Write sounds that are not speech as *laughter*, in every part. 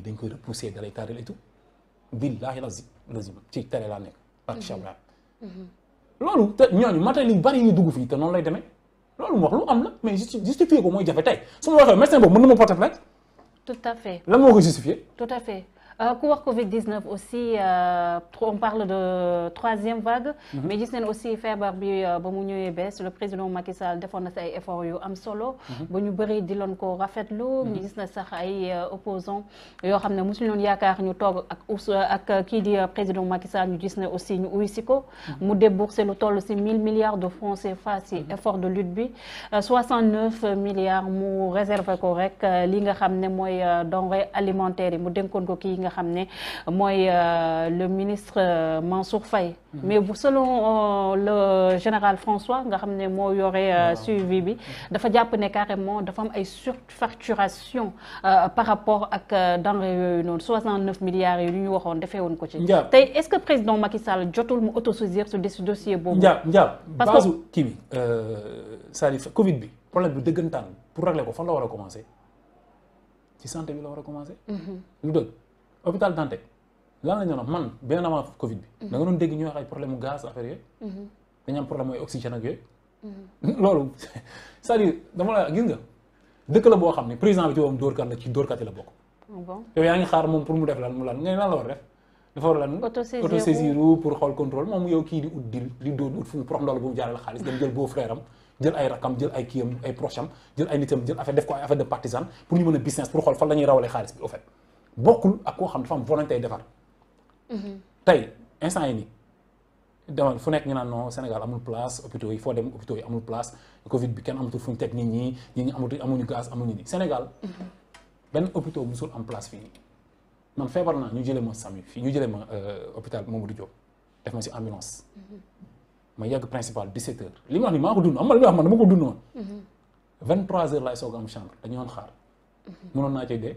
bi dañ koy repousser da lay taaril et tout billaahi lazim lazim ci tere laa nekk ak mhm. chabra mhm. loolu te ñooñu matériel yu bari yu dugg fii te noonu lay demee loolu mu lu am la mais justifier ko mooy jafe tey su ma waxee médecin boobu mën na ma porter tout à fait lan moo ko justifier Euh, ku wax Covid 19 aussi euh, on parle de troisième vague. Mhm. mais gis nañ aussi feebar bi euh, ba mu ñëwee bes le président Macky Sall defoon na si ay efforts yu am solo. Mhm. ba ñu bëri di loon ko rafetlu. Mhm. ñu gis na sax ay opposants yoo xam ne mosuñu doon yaakaar ñu toog ak ak kii di président Macky Sall ñu gis ne aussi ñu uy si ko. mu déboursé lu toll si 1000 milliards de francs CFA si effort de lutte bi 69 milliards mu réservé ko rek li nga xam ne mooy denrée alimentaire yi mu dénkoon ko kii nga xam ne mooy euh, le ministre euh, Mansour fay mhm. mais bu selon euh, le général François nga xam ne moo yore suivi bi dafa jàpp ne carrément dafa am ay surfacturation par rapport ak denrée yooyu noonu 69 milliards yi lu ñu waxoon defee woon ko ci tey est-ce que président Macky Sall jotul mu autosaisir su dossier boobu njaab njaab parce que kii bi cest à Covid bi problème bi dëggantaan pour régler ko fan la war a commencer ci santé bi la war a commencer mhm. hôpital Dantec lan la ñu doon wax man bien avant Covid bi. Mhm. da nga dégg ñu wax ay problème mu affaire yooyu. Mhm. dañu problème mooy oxygène ak yooyu. Mhm. *laughs* loolu cest à dama la gis nga dëkk la boo xam ne président bi ci woon dóorkat la ci dóorkat yi la bokk. Ah yow yaa ngi xaar moom pour mu def lan mu lan nga lan la war def. dafa war lan autosaisir pour xool contrôle moom yow kii di ut di di doon ut fu mu prox ndool bu mu jaaral xaalis dem jël beau frère a business pour xool fan la ñuy rawalee xaalis bi bokkul ak koo xam dafa am volonté defar. Mhm. tey instant yi nii demal fu nekk ñu naan non Sénégal amul place hôpitaux yi foo dem hôpitaux yi amul place Covid bi kenn amatul ñu teg nit ñi nit ñi amatul amuñu gaz amuñu ni Sénégal. Mhm. benn hôpitaux musul am place fii man feebar naa ñu jëlee ma SAMU fii ñu jëlee ma euh, hôpital Mamadou Diop def ma si ambulance. Mhm. ma yegg principal 17 heures li ma wax ni maa ko dund am na li ma wax man dama ko dund woon. 23 heures laay soog am chambre dañu xaar. mënoon naa cay dee.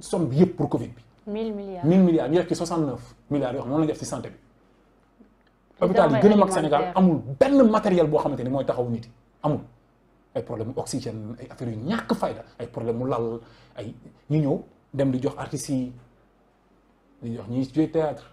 somme bi yëpp pour Covid bi. 1000 milliards 1000 milliards ñu def ci 69 milliards yoo xam ne moom amul benn matériel boo xamante ni mooy taxawu nit yi amul. mu oxygène ay affaire yu ñàkk fayda ay problème mu lal ay ñu ñëw dem di jox artistes yi di jox ñuy jouer théâtre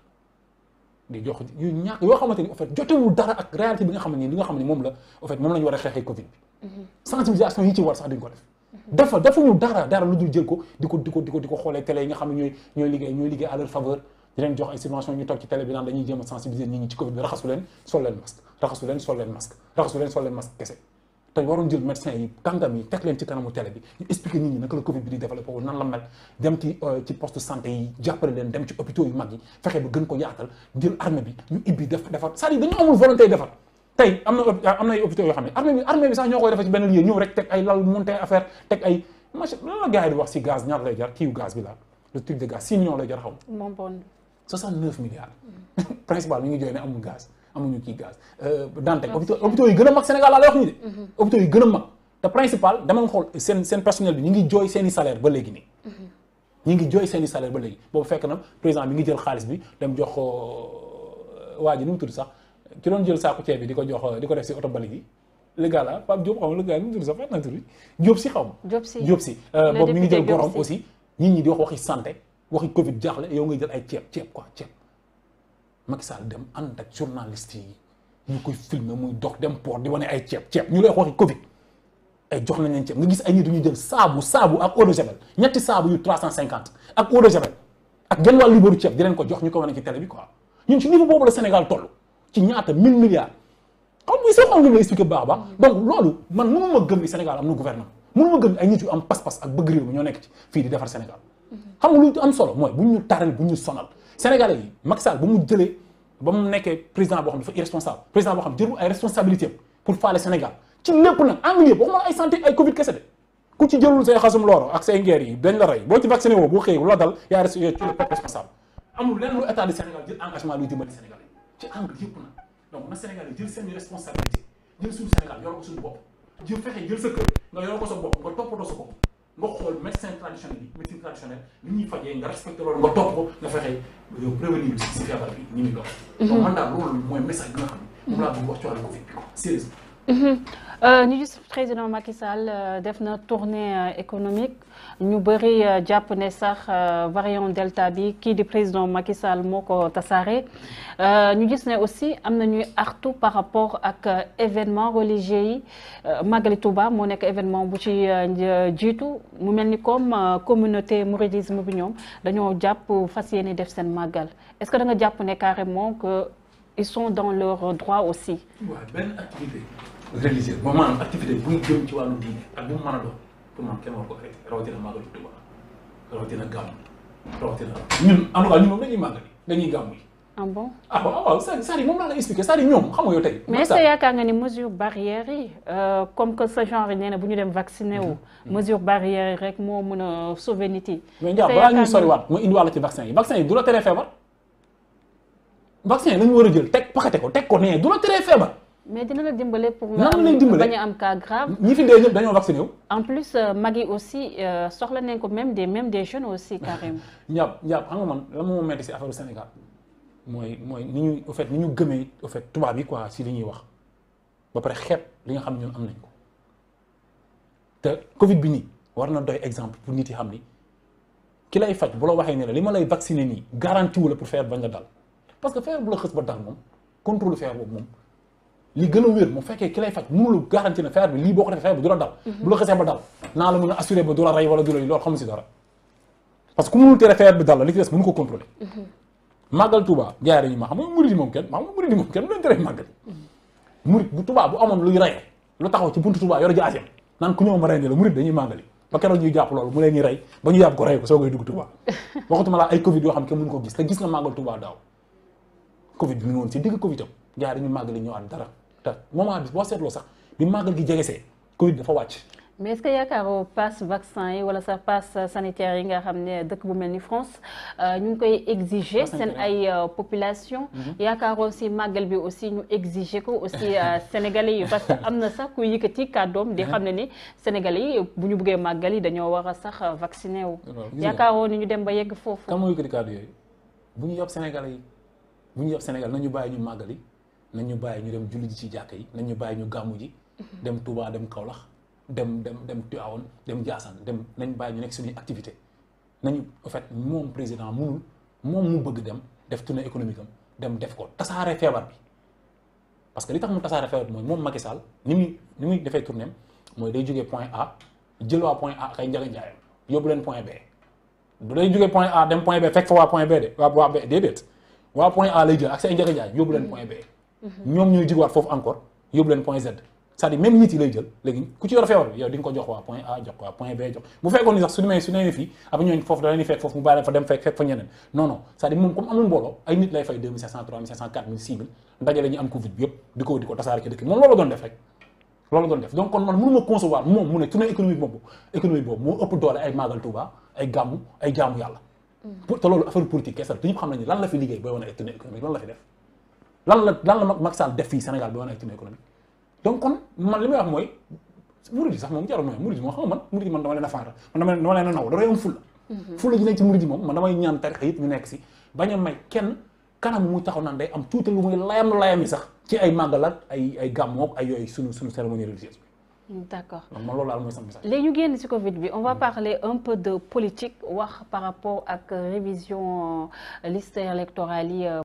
di jox yu ñàkk yoo xamante ni en fait jotewul dara ak xam ne li nga xam ne moom la en fait moom la war a xeexee Covid bi. Mhm. sensibilisation yi ci war sax duñ ko def. dafa dafa ñu dara dara lu dul jël ko di ko di ko di ko yi nga xam ne ñooy ñooy liggéey ñooy liggéey à leur faveur di leen jox ay subvention ñu toog ci télé bi naan dañuy jéem a sensibiliser ñi ci covid bi raxasu leen sol leen masque raxasu leen sol leen masque raxasu leen sol leen masque kese te waroon jël médecin yi kàngam yi teg leen ci kanamu télé bi ñu expliquer nit ñi naka la covid bi di développé nan la mel dem ci euh, ci santé yi jàppale leen yu mag yi ba gën ko yaatal jël armée bi ñu ibbi def defar c'est-à-dire dañu amul volonté tey am na am na ay hôpitaux yoo xam ne armée bi armée bi sax ñoo koy defee ci benn lieu ñëw teg ay lal monter affaire teg ay machin lan la yi di wax si gaz ñaar lay jar kiiw gaz bi la le de gaz 6 millions lay jar xaw mm. *laughs* mi ngi jooy ne amul gaz amuñu kii gaz. Euh, Dantec ah. hôpitaux hôpitaux yi gën a mag Sénégal laa lay wax nii de. Mm-hmm. hôpitaux yi gën mag te principal dama xool seen seen personnel bi ñu ngi jooy seen salaire ba léegi nii. Mm-hmm. ñu ngi jooy seen i salaire ba léegi boobu fekk na président mi ngi jël xaalis bi dem jox euh, waa ji nu mu tudd sax ci doon jël saako ceeb bi di ko jox di ko def si oto bali gi le gars là Pape Diop mu tudd sax fàtte naa tur bi Diop si xaw ma Diop si euh, boobu mi ngi jël gorom aussi nit ñi di wax waxi santé waxi covid jaaxle yow ngay jël ay ceeb ceeb quoi ceeb Macky Sall dem ànd ak journaliste yi ñu koy filmer muy dox dem port di wane ay ceeb ceeb ñu lay waxi covid ay jox nañ leen ceeb nga gis ay nit ñu jël saabu saabu ak eau de javel ñetti saabu yu 350 ak eau de javel ak genn wàll libaru ceeb di ko jox ñu ko wane ci télé bi quoi ñu ci niveau boobu la Sénégal ci ñaata 1000 milliards xam nga soo xam lu lay expliqué bu baax a baax mm. donc loolu man mënu ma gëm ni Sénégal am na gouvernement mënu ma gëm ay nit yu am pas-pas ak bëgg réew ñoo nekk fii di defar Sénégal mm-hmm. xam nga lu am solo mooy bu ñu taral bu ñu sonal Sénégalais yi Macky Sall ba mu jëlee ba mu nekkee président boo xam dafa irresponsable président boo xam jëlul ay responsabilité pour faale Sénégal ci lépp nag en milieu waxuma ay santé ay Covid kese de ku ci jëlul say xasum looro ak say ngeer la rey boo ci vacciné woo boo xëy la dal yaa ci angle yëpp na donc na Sénégal yi jël seeni responsabilité jël suñu Sénégal yor ko suñu bopp jël fexe jël sa nga yor bopp nga toppatoo sa bopp nga xool médecin traditionnel yi médecine traditionnelle li ñuy nga respecté nga topp ko nga fexe yow prévenir si feebar bi ñu ngi dox mooy message bi nga xam laa bëgg wax ci wàllu Covid bi Mhm. Euh, ñu gis président Macky Sall euh, def na tournée euh, économique ñu bëri jàpp ne sax variant delta bi kii di président Macky Sall moo ko tasaare ñu gis ne aussi am na ñuy artu par rapport ak événement religieux yi Magali Touba moo nekk événement bu ci jiitu mu mel ni comme communauté mouridisme bi ñoom dañoo jàpp fas yéene def seen màggal est-ce que da nga jàpp ne carrément que ils sont dans leur droit aussi. religieux ba maanaam activité bu ñu a doon pour man kenn war ko arrêté rawatina màggalu Tuubaa rawatina gàmmu rawatina ñun en tout cas ñun moom dañuy màggali dañuy gàmmu yi. ah bon ah waaw waaw c'est-à-dire moom laa lay expliqué c'est-à-dire ñoom xam yow tey. mais est yaakaar nga ni mesure barrière euh, comme que sa genre nee na bu ñu dem vacciné wu. Mm-hmm. Mm-hmm. mesure barrière yi rek moo mën a sauver nit yi. mais Ndiaye balaa ñuy soriwaat mu indiwaale ci vaccin yi vaccin yi du la teree feebar. vaccin yi la ñu war a jël teg paxate ko teg ko nee du mais dina la dimbale pour. lan lañ dimbale bañ a am cas grave. ñi fi dee ñëpp dañoo vacciné wu. en plus euh, mag yi aussi euh, soxla nañ ko même des même des jeunes aussi carrément. *laughs* ñaab ñaab xam nga man lan moo mooy mooy ni ñu au fait ni ñu gëmee au fait tubaab yi quoi si li ñuy wax ba pare xeeb li nga xam ne ñun am nañ ko te Covid bi nii war na doy exemple pour nit yi xam ni ki lay faj bu la waxee ne la li ma lay vacciné nii garanti wu la pour feebar ba la dal parce que feebar bu la xës ba dal moom contrôle feebar li gën a wér mu fekkee ki lay faj mënu lu garanti na feebar bi lii boo ko defee feebar bi du la dal mhm. bu la xasee ba dal naa la mën a assuré ba du la rey wala du la loolu xamul si dara parce que ku mënul tere feebar bi dal la li ci des mënu ko contrôler mhm. màggal Touba gars yi mhm. bu Touba bu amoon luy rey lu taxaw ci buntu màggali jàpp loolu mu leen ñuy rey ba ñu jàpp ko rey ko soo *laughs* koy am dara te moment bi boo seetloo sax bi màggal gi jegesee Covid dafa wàcc. mais est-ce que yaakaaroo passe vaccin yi wala sax passe sanitaire yi nga xam ne dëkk bu mel ni France euh, ñu ngi koy exiger seen ay euh, population mhm. yaakaaroo si màggal bi aussi ñu exiger ko aussi euh, *laughs* sénégalais yi parce que am na sax ku yëkkati kàddoom di mhm. xam ne ni sénégal yi bu ñu buggee màggal yi dañoo war a sax vacciné wu yaakaaroo ni ñu dem ba yegg foofu kan moo yëkkati kàddu yooyu bu ñu yob sénégal yi bu ñu yob sénégal nañu bàyyi ñu màggal yi nañ ñu bàyyi ñu dem julli ji ci jàkka yi nañ ñu bàyyi ñu gàmmu ji mhm. dem Touba dem Kaolack dem dem dem Tivaouane dem Ndiassane dem nañu bàyyi ñu nekk suñuy activité nañu en fait moom président munul moom mu bëgg dem def tournée économique am dem def ko tasaare feebar bi parce que li tax mu tasaare feebar bi mooy moom Macky Sall ni muy ni muy defee tournée mooy day jógee point A jël waa point A ak ay njaganjaayam leen point B du day jógee point A dem point A lay yóbbu leen mhm. point B Mm-hmm. ñoom ñooy jigwaat foofu encore yóbbu leen point Z c'est-à-dire même lay jël léegi ku ko jox waa point A jox waa point B jox bu fekkoon ni sax su demee su fii après ñooñu foofu da leen fekk foofu mu bàyyi fa fekk fekk fa moom loolu doon def rek loolu doon def donc kon man mënuma concevoir moom mu ne tournée économique boobu moo ëpp doole ay màggal Touba ay gàmmu ay jaamu yàlla mm. te loolu affaire politique kese te ñëpp xam nañu lan la fi liggéey booy wane lan la lan la Macky def fii Sénégal bi ma nekk ci économique donc kon man li may wax mooy murid yi sax moom jarul mooy murid moom xam man murid a faara man a naw dafay am fulla mhm. fulla ji nekk ci murid yi moom man damay ñaan tarixa yëpp ñu nekk si bañ a may kenn kanam muy taxaw naan day am tuuti lu muy layam layam yi sax ci ay màggalat ay ay gàmmoog ay yooyu sunu sunu cérémonie religieuse bi D'accord. léegi ñu génn ci Covid bi on va mhm. parler un peu de politique wax par rapport ak révision euh, liste